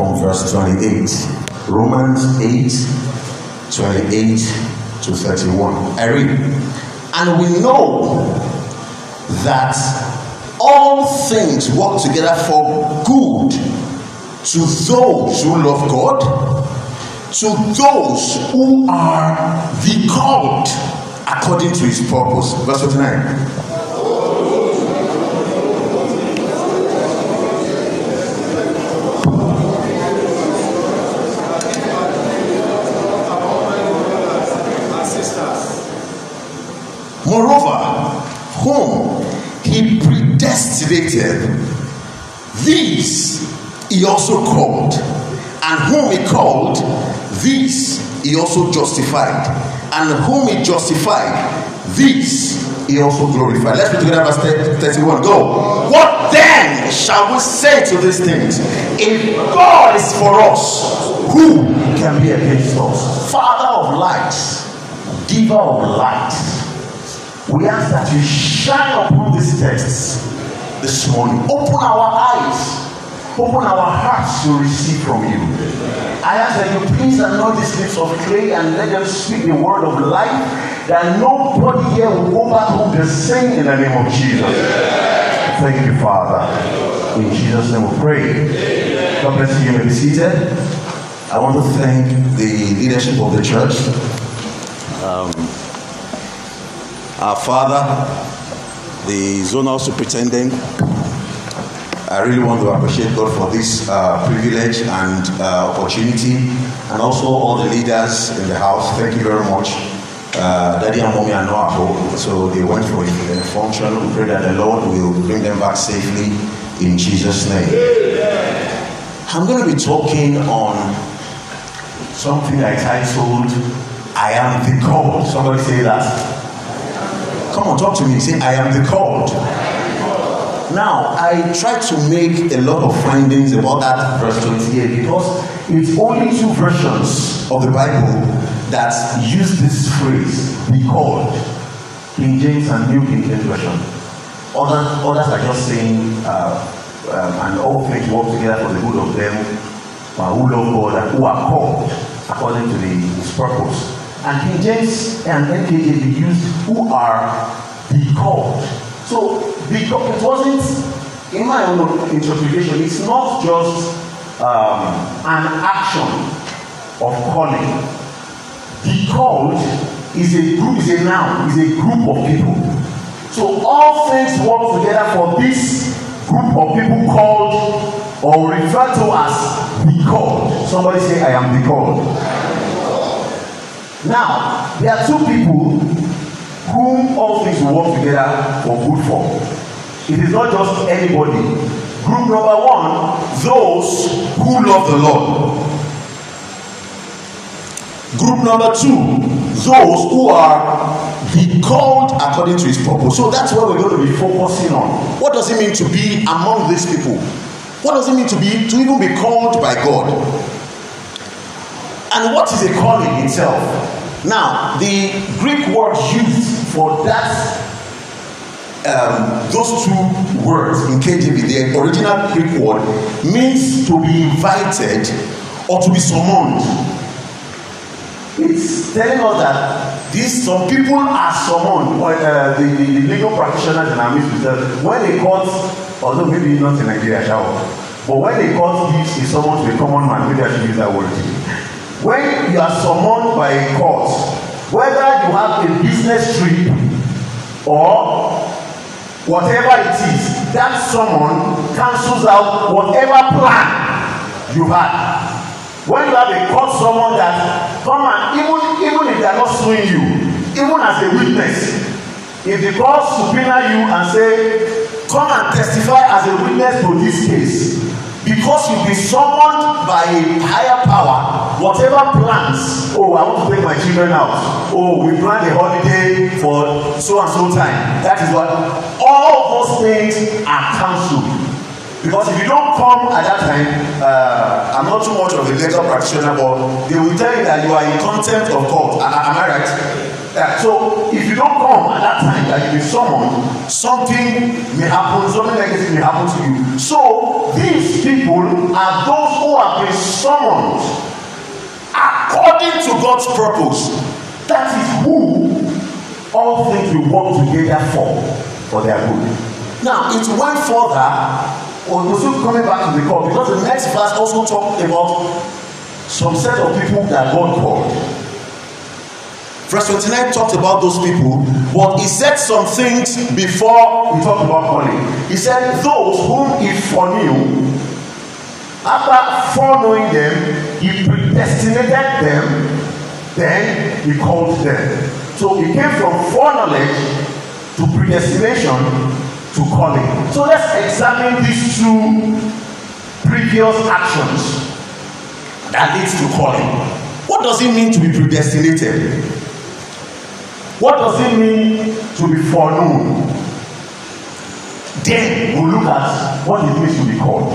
from verse 28. Romans 8 28 to 31. I read, And we know that all things work together for good to those who love God, to those who are the called according to his purpose. Verse 29. Moreover, whom he predestinated, these he also called. And whom he called, these he also justified. And whom he justified, these he also glorified. Let's read together verse 31. Go. What then shall we say to these things? If God is for us, who can be against us? Father of lights, giver of light we ask that you shine upon these texts this morning. Open our eyes open our hearts to receive from you. I ask that you please anoint these lips of clay and let them speak the word of life, that nobody here will overcome the same in the name of Jesus. Thank you, Father. In Jesus' name we pray. God bless you. You may be seated. I want to thank the leadership of the church. Um, our father, the zonal superintendent. I really want to appreciate God for this uh, privilege and uh, opportunity, and also all the leaders in the house. Thank you very much. Uh, Daddy and mommy are not at home, so they went for a function. We pray that the Lord will bring them back safely in Jesus' name. I'm going to be talking on something I titled, I am the God. Somebody say that. Come on, talk to me. Say, I am the called. Now, I try to make a lot of findings about that verse 28 because it's only two versions of the Bible that use this phrase, "the called, King James and New King James Version. Others, others are just saying, uh, um, and all things work together for the good of them who love God and who are called according to the, His purpose and agents and NKJ they used who are the called. So the it wasn't in my own interpretation, it's not just um, an action of calling. The called is a group, is a noun, is a group of people. So all things work together for this group of people called or referred to as the called. Somebody say, I am the called. Now, there are two people whom all things will work together for good for. It is not just anybody. Group number one, those who love the Lord. Group number two, those who are be called according to his purpose. So that's what we're going to be focusing on. What does it mean to be among these people? What does it mean to be to even be called by God? And what is a calling itself? Now, the Greek word used for that um, those two words in KJV, the original Greek word, means to be invited or to be summoned. It's telling us that these some people are summoned. Or, uh, the, the, legal practitioners in our midst when they call, although maybe not in Nigeria, shall but when they call this is someone to a common man, maybe I should use that word when you are summoned by a court whether you have a business trip or whatever it is that summon cancels out whatever plan you had when you have a court summon that come and even even if they are not suing you even as a witness if the court subpoena you and say come and testify as a witness for this case because you've been summoned by a higher power whatever plans oh i want to take my children out oh we plan a holiday for so and so time that is what all those things are cancelled because if you don't come at that time uh, not too much of a legal practitioner, but they will tell you that you are in contempt of God. Am I right? Yeah. So if you don't come at that time that you be summoned, something may happen, something negative may happen to you. So these people are those who have been summoned according to God's purpose. That is who all things will work together for, for their good. Now it went further but we still coming back to the call because the next verse also talk about some set of people that God called. Verse 29 talked about those people, but he said some things before we talked about calling. He said, Those whom he foreknew, after foreknowing them, he predestinated them, then he called them. So he came from foreknowledge to predestination to calling. So let's examine these two previous actions that leads to calling. What does it mean to be predestinated? What does it mean to be foreknown? Then we'll look at what it means to be called.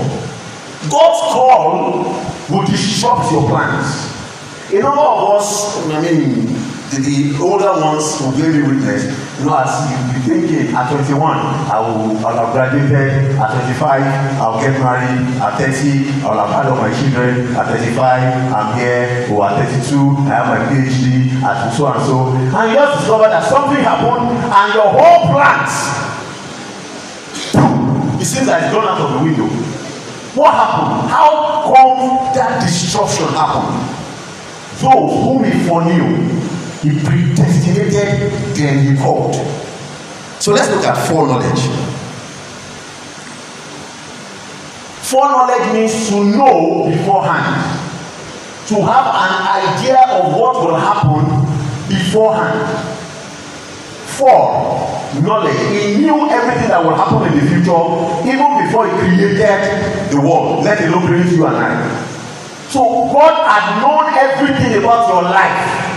God's call will disrupt your plans. A number of us, I mean, the, the older ones will be me witness, You know, as you be thinking at twenty-one, I will I will have at twenty-five, I will get married at thirty, I will have had all my children at thirty-five, I'm here, or at thirty-two, I have my PhD at so and so. And you just discover that something happened and your whole plans it seems like it's gone out of the window. What happened? How come that destruction happened? Those whom for foreknew He predestinated, then he called. So let's look at foreknowledge. Foreknowledge means to know beforehand, to have an idea of what will happen beforehand. Foreknowledge. he knew everything that will happen in the future, even before he created the world, let alone create you and I. So God had known everything about your life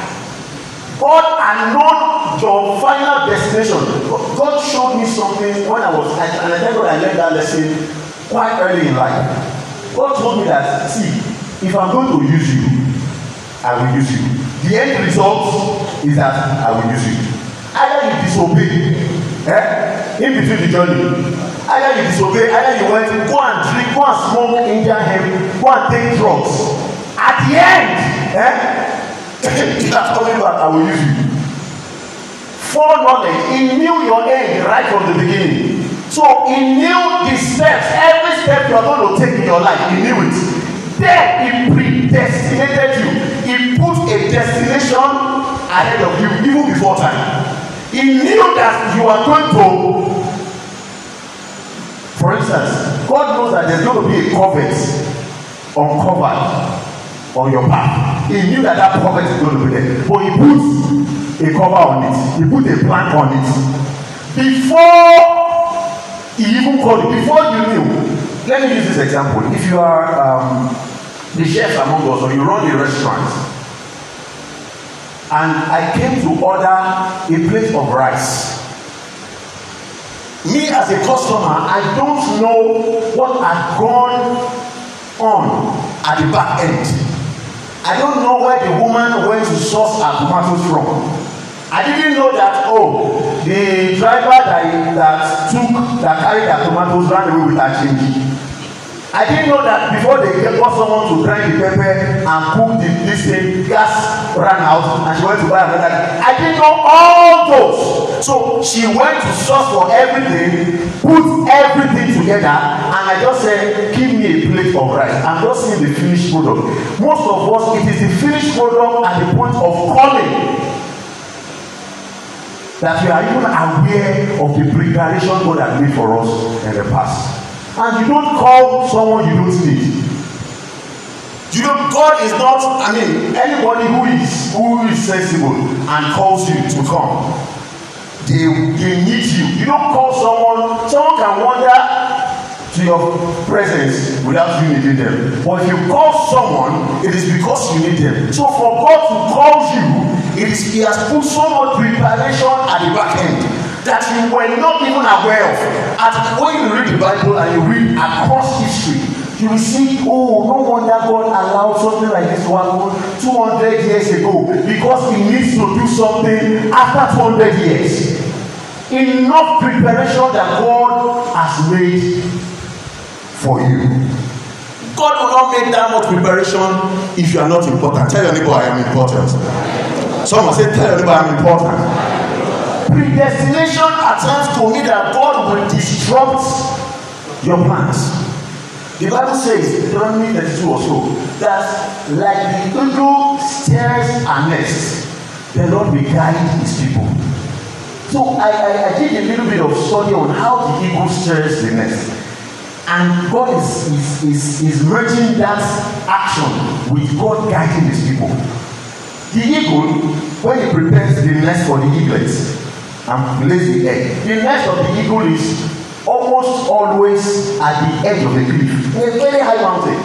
God alone your final destination. God showed me something when I was and I thank God I learned that lesson quite early in life. God told me that see if I'm going to use you I will use you. The end result is that I will use you. Either you disobey eh? in between the journey either you disobey either you went go and drink go and smoke Indian hemp go and take drugs at the end eh? Peter coming back, I will use you. Foreknowledge, he knew your end right from the beginning. So he knew the steps, every step you are going to take in your life, he knew it. Then he predestinated you. He put a destination ahead of you even before time. He knew that you are going to for instance, God knows that there's going to be a covet uncovered on your path. He knew that that prophet is going to be there. But he put a cover on it, he put a plank on it. Before he even called, before you knew, let me use this example. If you are um, the chef among us or you run a restaurant, and I came to order a plate of rice. Me as a customer, I don't know what had gone on at the back end. I don't know where the woman went to source her tomatoes from. I didn't know that oh the driver that that took that carried her tomatoes ran away with her change. I didn't know that before they for someone to grind the pepper and cook the this thing, gas ran out and she went to buy another. I didn't know all those. So she went to source for everything, put everything together, and I just said, give me a plate of rice. I'm just seeing the finished product. Most of us, it is the finished product at the point of calling that we are even aware of the preparation God has made for us in the past and you don't call someone you don't need. You know, God is not, I mean, anybody who is who is sensible and calls you to come. They they need you. You don't call someone, someone can wander to your presence without you needing them. But if you call someone, it is because you need them. So for God to call you, it is He has put so much preparation at the back end that you were not even aware of. And when you read the Bible and you read across history, you will see, oh, no wonder God allowed something like this to happen 200 years ago because He needs to do something after 200 years. Enough preparation that God has made for you. God will not make that much preparation if you are not important. Tell your neighbor I am important. Someone say, Tell your neighbor I am important predestination attempts to mean that God will disrupt your plans. The Bible says, Deuteronomy 32 or so, that like the eagle stares and nests, the Lord will guide his people. So I, I, I did a little bit of study on how the eagle stares the nest. And God is, is, is, is merging that action with God guiding his people. The eagle, when he prepares the nest for the eaglets, and place eh, the egg. The nest of the eagle is almost always at the edge of the cliff, in a very high mountain.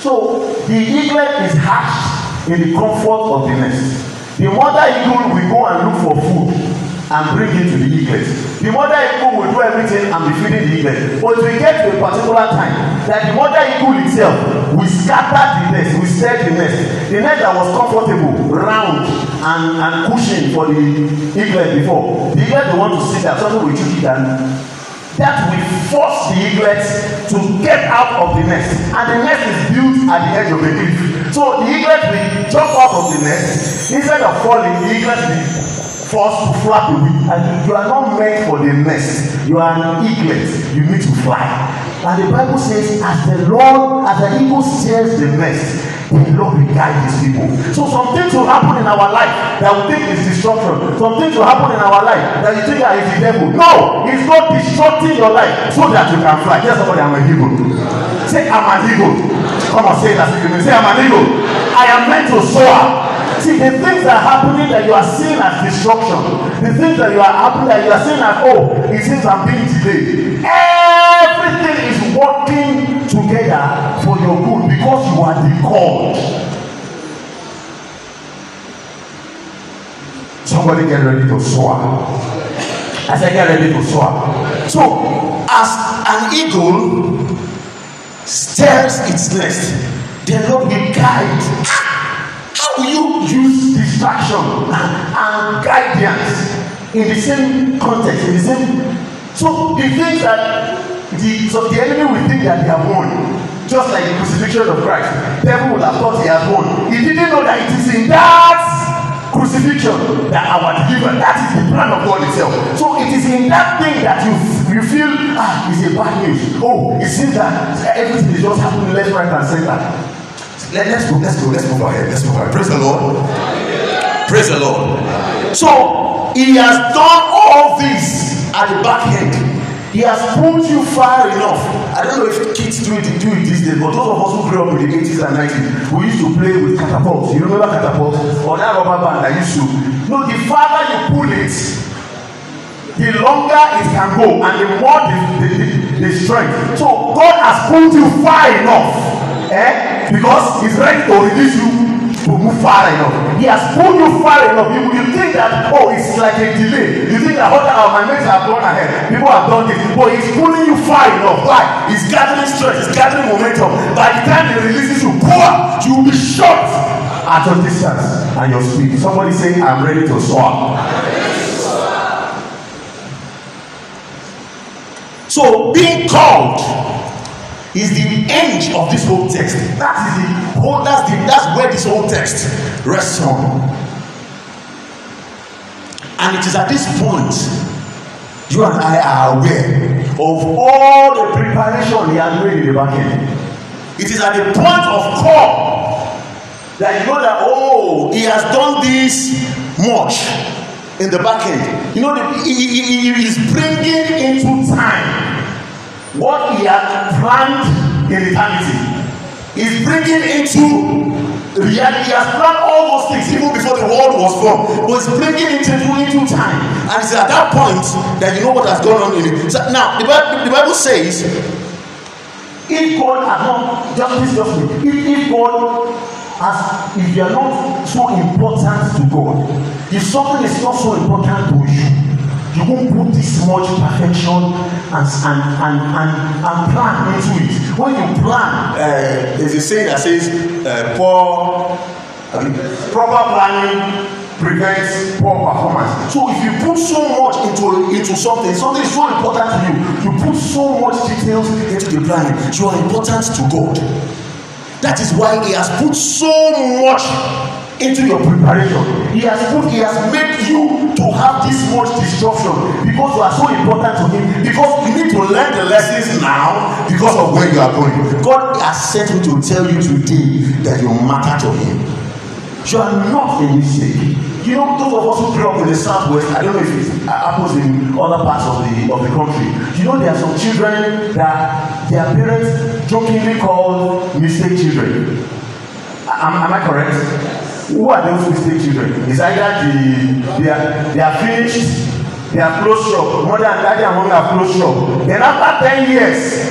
So the eagle is hatched in the comfort of the nest. The mother eagle will go and look for food and bring it to the eaglet. The mother eagle will do everything and be feeding the nest, But we get to a particular time that the mother eagle itself will scatter the nest, will set the nest. The nest that was comfortable, round and and cushion for the eagle before. The eagle dey want to sit there, something will chook it that will force the eaglet to get out of the nest and the nest is built at the edge of a cliff so the eagle will jump out of the nest instead of falling the eaglet will forced to flap a wing and you are not meant for the nest you are an eagle. you need to fly and the bible says as the lord as the eagle sears the nest the lord will guide his people so some things will happen in our life that will think is destruction some things will happen in our life that you think are it's devil no it's not destructing your life so that you can fly tell somebody i'm a eagle say i'm an eagle come on say it as if you mean say i'm an eagle i am meant to soar See, the things that are happening that you are seeing as destruction, the things that you are happening that you are seeing as, oh, it seems I'm being today. Everything is working together for your good because you are the called. Somebody get ready to soar. I said, get ready to soar. So, as an eagle stares its nest, the Lord will guide How will you use distraction and guidance in the same context, in the same? So the things that the so the enemy will think that they have won just like the crucifixion of Christ. Devil will have thought he has won. He didn't know that it is in that crucifixion that our deliverance, that is the plan of God itself. So it is in that thing that you you feel ah it's a bad news. Oh, it seems that everything is just happening left, right, and center. Let, let's, move, let's, move, let's move ahead. Let's move ahead. Praise the Lord. Praise the Lord. So, He has done all this at the back end. He has pulled you far enough. I don't know if kids do it, do it these days, but those of us who grew up in the 80s and 90s, we used to play with catapults. You remember catapults? Or that rubber band I used to. No, the farther you pull it, the longer it can go and the more the, the, the strength. So God has pulled you far enough. Eh? Because he's ready to release you to move far enough. He has pulled you far enough. You, you think that, oh, it's like a delay. You think that, oh, my mates have gone ahead. People have done this. But he's pulling you far enough. Why? he's gathering strength. He's gathering momentum. By the time he releases you, go you will be shot at your distance and your speed. Somebody say, I'm ready to soar. So being called is the end of this whole text. That is the whole, that's the that's where this whole text rests on. And it is at this point you and I are aware of all the preparation he has made in the back end. It is at the point of call that you know that oh he has done this much in the back end. You know the, he, he, he is bringing into time what he had planned in eternity is bringing into reality he has planned all those things even before the world was born but he's bringing it into into time and it's at that point that you know what has gone on in it so now the bible the bible says if God had not just this just me if if God as if you are not so important to God if something is not so important to you You won't put this much perfection and and and and, and plan into it. When you plan, uh, there's a saying that says, uh, "Poor, I mean, proper planning." prevents poor performance. So if you put so much into into something, something is so important to you. You put so much details into the planning. You are important to God. That is why He has put so much into your preparation. He has put, he has made you to have this much disruption because you are so important to him. Because you need to learn the lessons now because of where you are going. God has sent me to tell you today that you matter to him. You are not a mistake. You know, those of us who grew up in the southwest, I don't know if it happens in other parts of the of the country. You know, there are some children that their parents jokingly call mistake children. Am, am I correct? who are those fifty children is either the they are they are finished they are close shop mother and daddy and mom are close shop then after ten years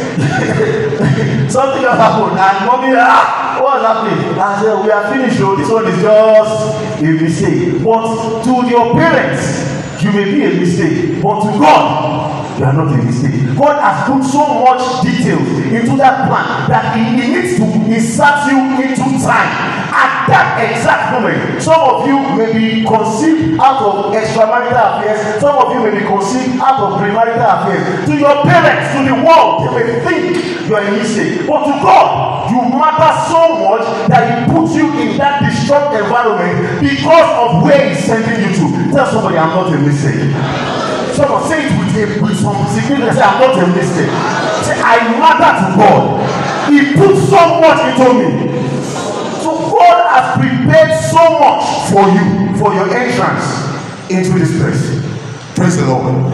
something just happen and mommy ah what happening i say we are finished o oh, this one is just a mistake but to your parents you may be a mistake but to god you are not a mistake. God has put so much detail into that plan that he, he needs to insert you into time. At at that exact moment some of you may be conceived out of extramarital affairs some of you may be conceived out of premarital affairs to your parents to the world they may think you are a mistake but to God you matter so much that he put you in that distraught environment because of where he sending you to tell somebody I'm not a mistake someone say it with a with some significance say I'm not a mistake say I matter to God he put so much into me God has prepared so much for you, for your entrance into this place. Praise the Lord.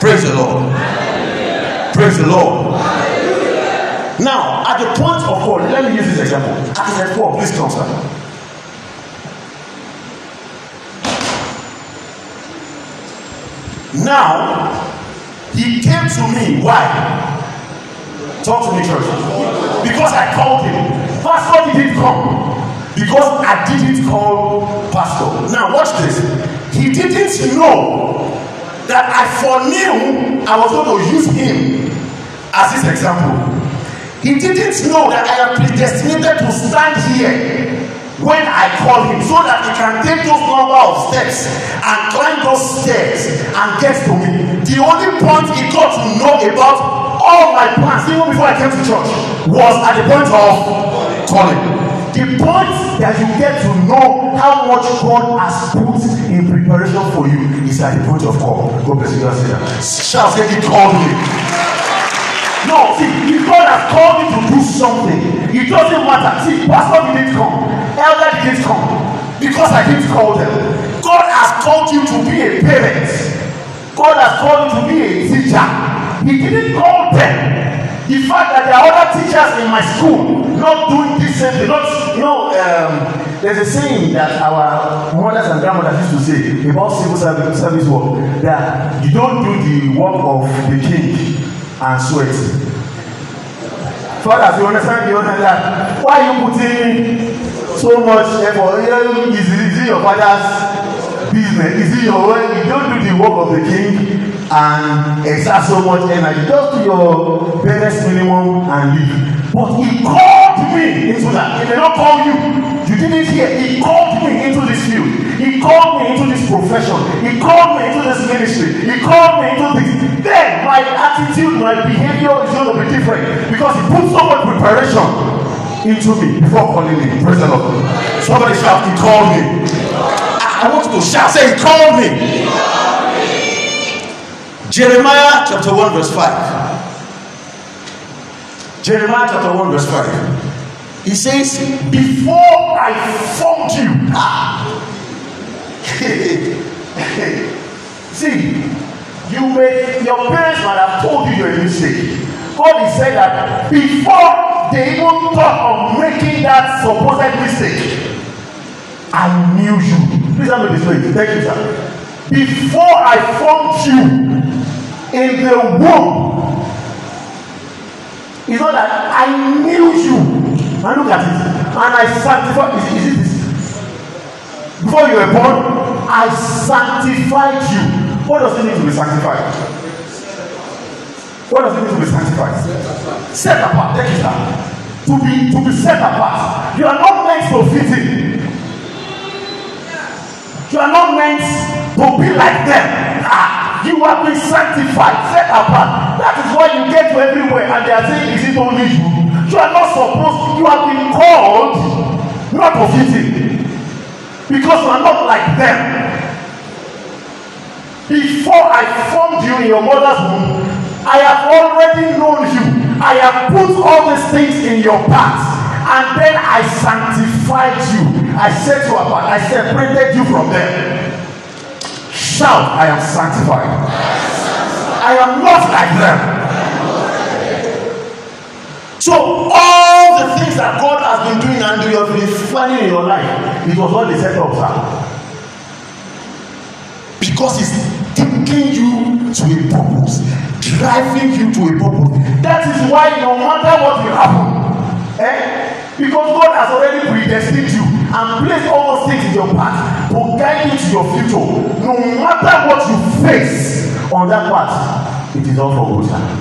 Praise the Lord. Praise the Lord. Now, at the point of call, let me use this example. At the point, of please come, sir. Now, he came to me. Why? Talk to me, church. Because I called him. Pastor didn't come because I didn't call pastor. Now watch this. He didn't know that I foreknew I was going to use him as his example. He didn't know that I am predestinated to stand here when I call him so that he can take those number of steps and climb those stairs and get to me. The only point he got to know about all my plans, even before I came to church, was at the point of Calling. The point that you get to know how much God has put in preparation for you is at the point of call. God bless you. God say that. Shout, say he called me. No, see, if God has called me to do something, it doesn't matter. See, pastor didn't come, elder didn't come, because I didn't call them. God has called you to be a parent. God has called you to be a teacher. He didn't call them. The fact that there are other teachers in my school not doing this same thing, not, you know, um, there's a saying that our mothers and grandmothers used to say about civil service, service work that you don't do the work of the king and sweat. Father, if you understand you understand that, why are you putting so much effort? Is, is it your father's business? Is it your own? You don't do the work of the king and exert so much energy just to your barest minimum and leave but he called me into that he did not call you you didn't hear he called me into this field he called me into this profession he called me into this ministry he called me into this then my attitude my behavior is going be different because he put so much preparation into me before calling me praise the lord somebody shout he called me i, I want to shout say he called me. He called me. Jeremiah chapter 1 verse 5. Jeremiah chapter 1 verse 5. He says, Before I formed you. Ah. See, you may, your parents might have told you your mistake. God is saying that before they even thought of making that supposed mistake, I knew you. Please have me this way. Thank you, sir. Before I formed you, in the womb. It's not that I knew you. And look at it. And I sanctified is, is it this? Before you were born, I sanctified you. What does it mean to be sanctified? What does it mean to be sanctified? Set apart. Take it down. To be to be set apart. You are not meant to fit in. You are not meant to be like them. Ah. You have been sanctified, set apart. That is why you get to everywhere and they are saying, Is it only you? You are not supposed, you have been called not of it, because you are not like them. Before I formed you in your mother's womb, I have already known you. I have put all these things in your path and then I sanctified you. I set you apart. I separated you from them. Shout, I am sanctified. I am not like them. So all the things that God has been doing and you have been finding in your life, it was what the set up, sir. Because it's taking you to a purpose, driving you to a purpose. That is why no matter what will happen, eh? Because God has already predestined you and placed all those things in your path will guide you to your future no matter what you face on that path it is all for good time.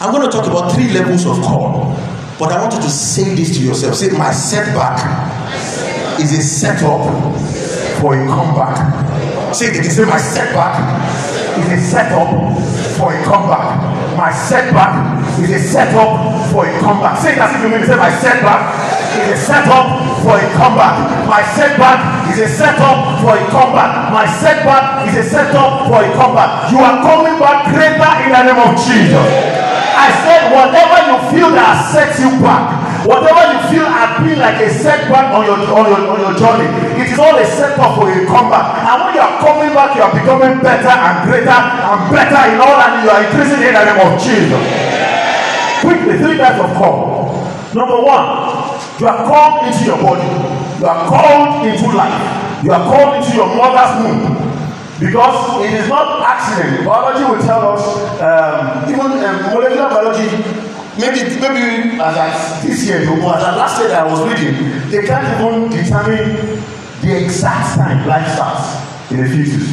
I'm going to talk about three levels of call, but I want you to say this to yourself. Say, my setback is a setup for a comeback. Say it is my setback is a setup for a comeback. My setback is a setup for a comeback. Say that if you mean say my setback is a setup for a comeback. My setback is a setup for a comeback. My setback is a setup for a comeback. You are coming back greater in the name of Jesus. I said, whatever you feel that sets you back, whatever you feel has been like a setback on your on your on your journey it is all a setup for a comeback and when you are coming back you are becoming better and greater and better in all and you are increasing in the name of jesus quickly three types of call. Number one, you are called into your body. You are called into life. You are called into your mother's womb. Because it is not accident. Biology will tell us, um, even um, molecular biology, maybe maybe as at this year or as at last year I was reading, they can't even determine the exact time life starts in the fetus.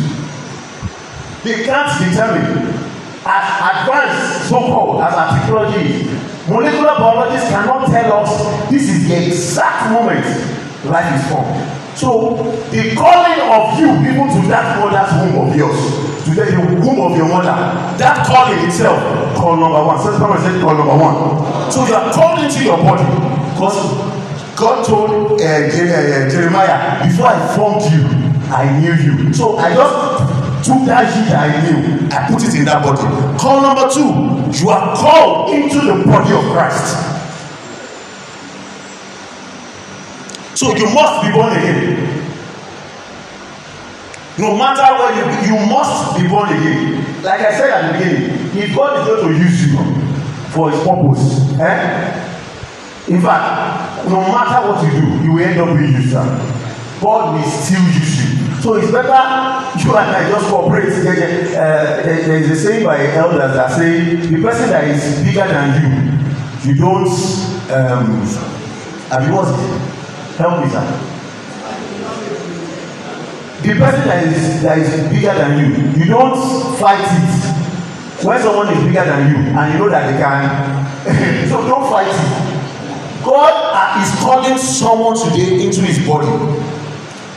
They can't determine as advanced so called as archaeology is molecular biologists cannot tell us this is the exact moment life is formed so the calling of you even to that mother's womb of yours to the womb of your mother that calling itself call number one first time i said call number one so you are called into your body because God told uh, Jeremiah before I formed you I knew you so I just Judah Judah I knew. I put it in that body. Call number two, you are called into the body of Christ. So you must be born again. No matter where you you must be born again. Like I said at the beginning, if God is going to use you for his purpose, eh? In fact, no matter what you do, you will end up being used. God will still use you. So it's better you and I just cooperate. There, uh, there, there is a saying by elders that say the person that is bigger than you, you don't. Um, have you watched? Help me, sir. The person that is that is bigger than you, you don't fight it. When someone is bigger than you and you know that they can, so don't fight it. God uh, is calling someone today into his body.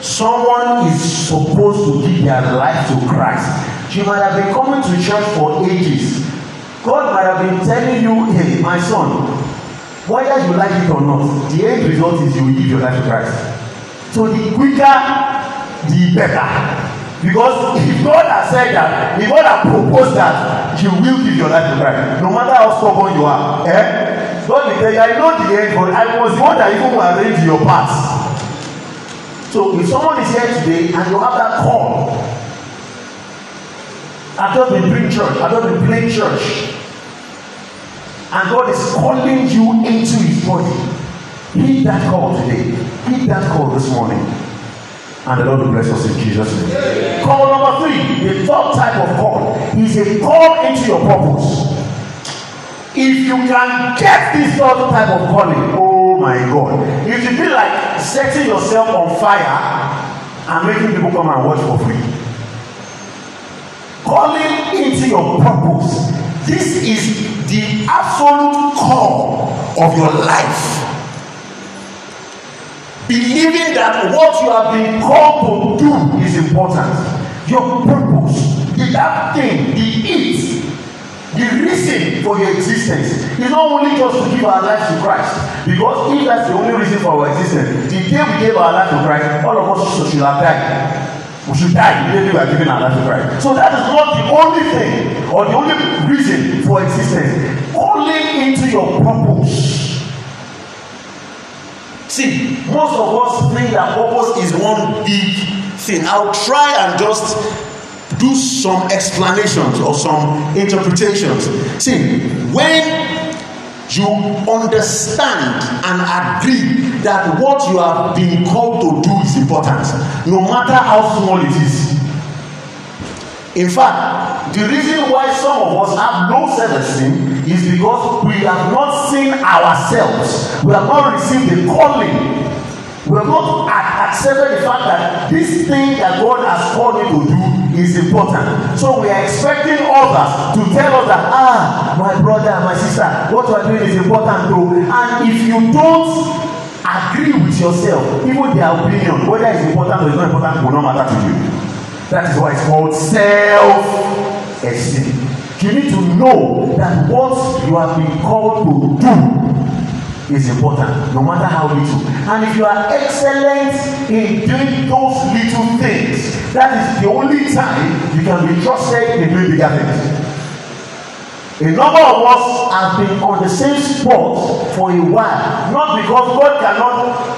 Someone is supposed to give their life to Christ. You might have been coming to church for ages. God might have been telling you, hey, my son, whether you like it or not, the end result is you will give your life to Christ. So the quicker, the better. Because if God has said that, if God has proposed that, you will give your life to Christ. No matter how stubborn you are. Eh? God will tell you, I know the end, but I was the one that even arranged your past. So if someone is here today and you have that call, I don't been doing church, I don't been playing church. And God is calling you into his body. Heed that call today. Heed that call this morning. And the Lord will bless us in Jesus' name. Yeah. Call number three, the third type of call is a call into your purpose. If you can get this third type of calling, my God. It should be like setting yourself on fire and making people come and watch for free. Calling into your purpose. This is the absolute core of your life. Believing that what you have been called to do is important. Your purpose, the that thing, the it the reason for your existence is not only just to give our life to Christ because if that's the only reason for our existence the day we gave our life to Christ all of us should have died we should die the day we are giving our life to Christ so that is not the only thing or the only reason for existence only into your purpose see most of us think that purpose is one big thing i will try and just do some explanations or some interpretations. See, when you understand and agree that what you have been called to do is important, no matter how small it is. In fact, the reason why some of us have no self esteem is because we have not seen ourselves, we have not received the calling, we have not accepted the fact that this thing that God has called me to do is important. So we are expecting others to tell us that, ah, my brother, my sister, what you are doing is important too. And if you don't agree with yourself, even their opinion, whether it's important or it's not important, will not matter to you. That is why it's called self-esteem. You need to know that what you have been called to do is important, no matter how little. And if you are excellent in doing those little things, that is the only time you can be trusted in doing bigger things. A number of us have been on the same spot for a while, not because God cannot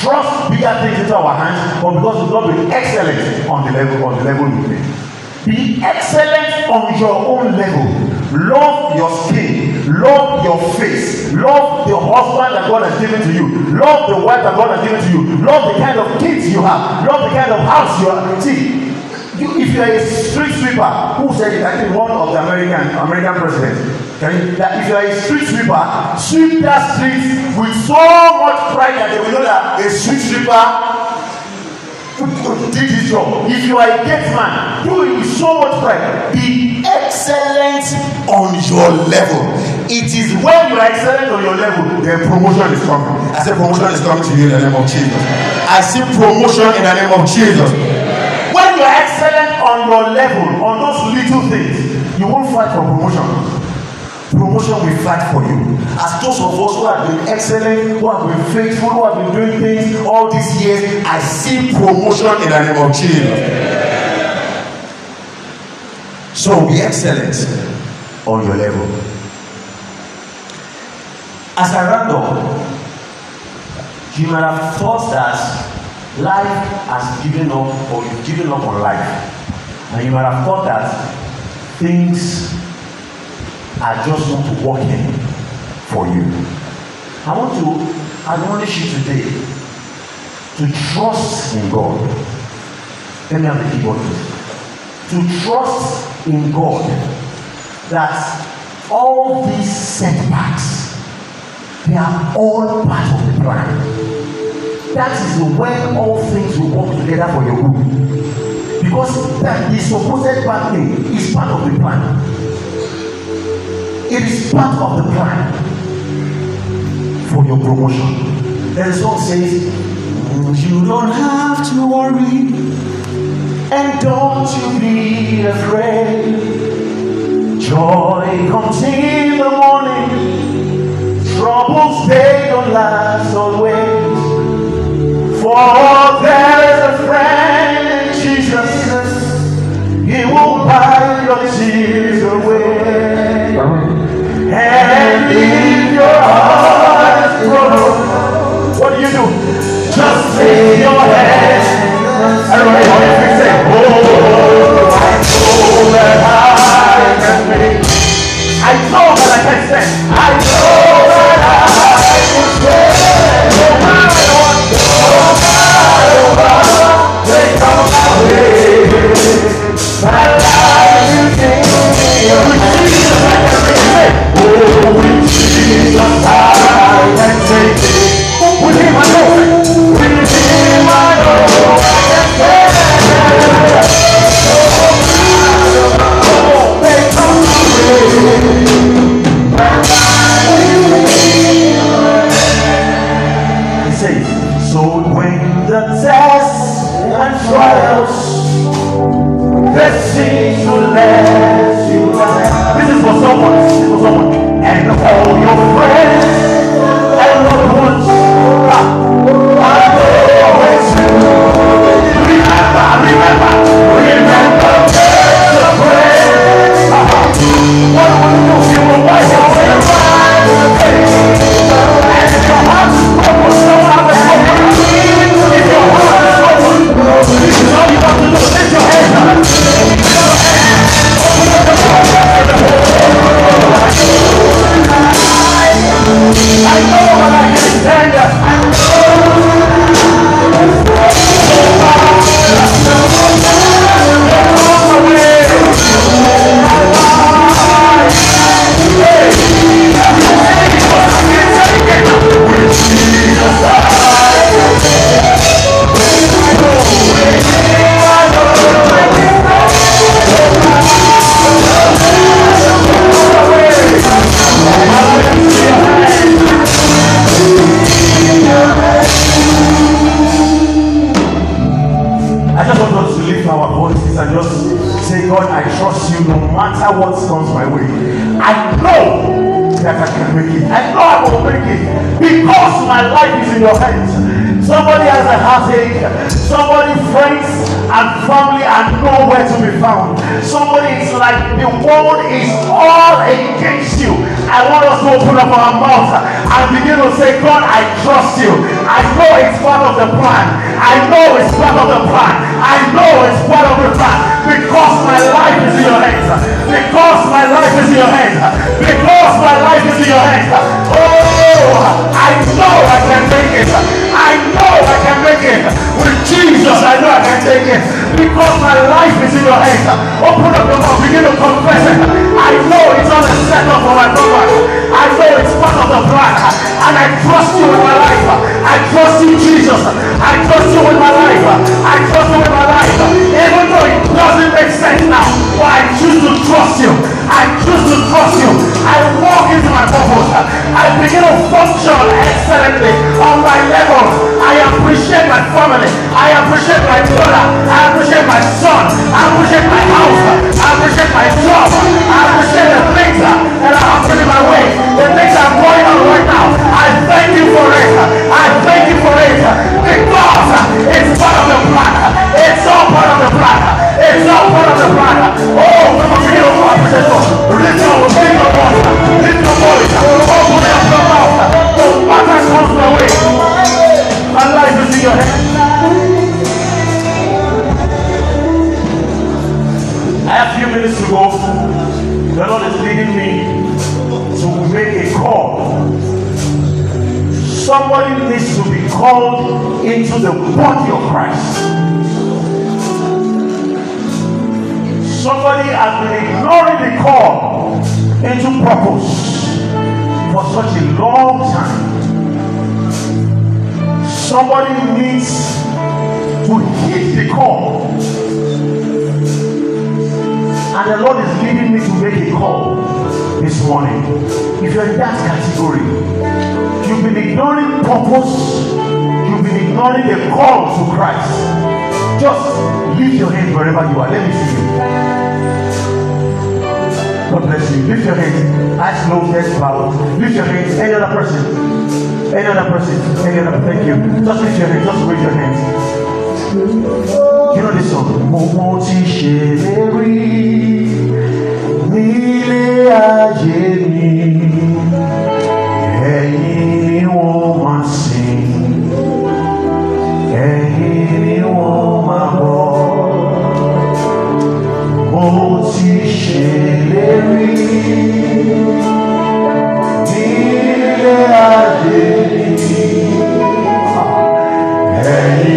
trust bigger things into our hands, but because we've not been excellent on the level on the level we play. Be excellent on your own level. Love your skin. Love your face. Love the husband that God has given to you. Love the wife that God has given to you. Love the kind of kids you have. Love the kind of house you are. See, you, if you are a street sweeper, who said it? I think one of the American American presidents. Okay? That if you are a street sweeper, sweep that street with so much pride that they will know that a street sweeper Take this job. If you are a deaf man, do it with so much pride. Be excellent on your level. It is when you are excellent on your level, then promotion is coming. I said promotion is coming to you in the name of Jesus. I see promotion in the name of Jesus. When you are excellent on your level, on those little things, you won't fight for promotion promotion will fight for you as those of us who have been excellent who have been faithful who have been doing things all these years i see promotion in the name so be excellent on your level as i round up you may have thought that life has given up or you, given up on life and you may have thought that things I just want to walk in for you. I want to admonish you today to trust in God. Let me have the keyboard. To trust in God that all these setbacks, they are all part of the plan. That is when all things will work together for your good. Because that the supposed bad thing is part of the plan. It is part of the plan for your promotion. And so says, You don't have to worry, and don't you be afraid. Joy comes in the morning, troubles they don't last always. For there is a friend in Jesus, He will buy your tears. trouble, what do you do? Just lift your hands Everybody, raise your say, Oh, I know that I can make. I know Lord open up our mouths and begin to say, God, I trust you. I know it's part of the plan. I know it's part of the plan. I know it's part of the plan. Because my life is in your hands. Because my life is in your hands. Because my life is in your hands. Oh, I know I can make it. I know I can make it. With Jesus, I know I can take it. Because my life is in your hands. Open up your mouth. Begin to confess it. I know it's on the Somebody has been ignoring the call into purpose for such a long time. Somebody needs to hit the call. And the Lord is leading me to make a call this morning. If you're in that category, you've been ignoring purpose, you've been ignoring the call to Christ. Just lift your hand wherever you are. Let me see you. God bless you. Lift your hands. Ask no test. power. Lift your hands. Any other person? Any other person? Any other? Thank you. Just lift your hands. Just raise your hands. You know this song. Mo mo ti ṣèlérí nílé ayé mi.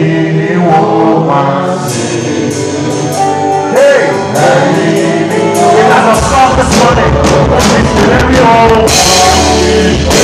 we has a song this morning. old.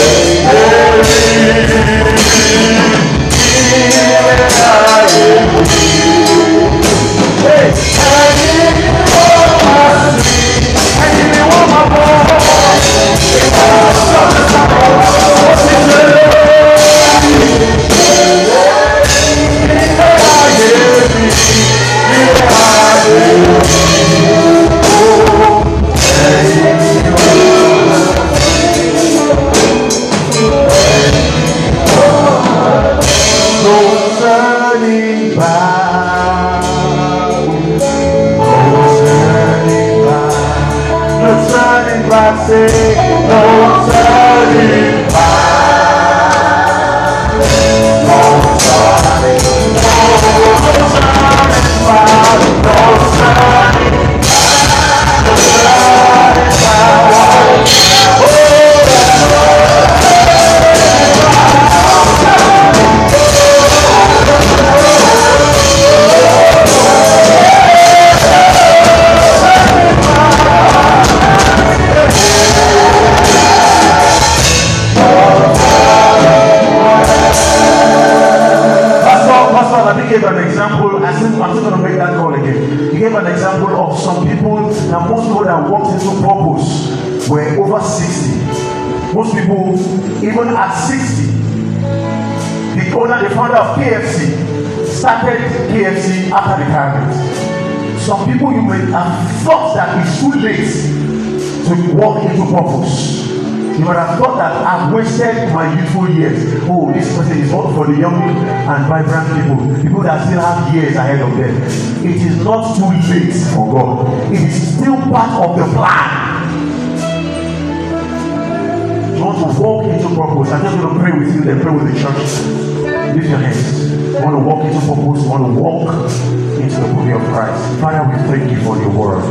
of KFC started KFC after the pandemic. Some people you may have thought that it's too late to walk into purpose. You might have thought that I've wasted my youthful years. Oh, this person is not for the young and vibrant people, people that still have years ahead of them. It is not too late for God. It is still part of the plan. You want to walk into purpose. I'm just going to pray with you, then pray with the church. Lift your hands. You want to walk into purpose. You want to walk into the body of Christ. Father, we thank you for your word.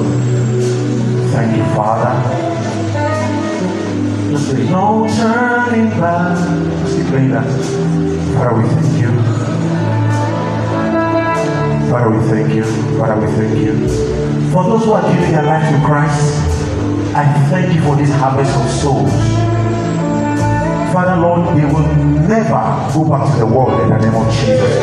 Thank you, Father. There's no turning back. Keep playing that. Father, we thank you. Father, we thank you. Father, we thank you. For those who are giving their life to Christ, I thank you for this harvest of souls. Father, Lord, they will never go back to the world in the name of Jesus.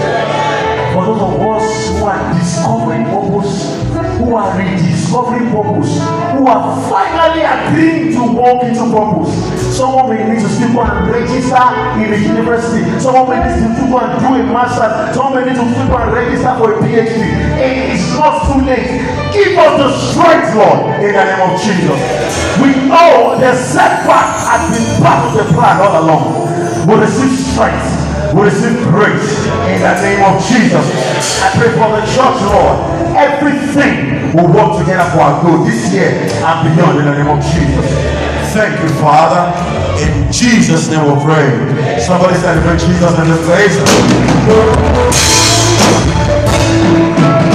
For those of us who are discovering almost. who are rediscovering purpose, who are finally agreeing to walk into purpose. Someone may need to still go and register in a university. Someone may need to go and do a master's. Someone may need to go and register for a PhD. It is not too late. Give us the strength, Lord, in the name of Jesus. We know the setback has been part of the plan all along. We receive strength receive grace in the name of Jesus. I pray for the church, Lord. Everything will work together for our good this year and beyond in the name of Jesus. Thank you, Father. In Jesus' name we pray. Somebody celebrate Jesus in the place.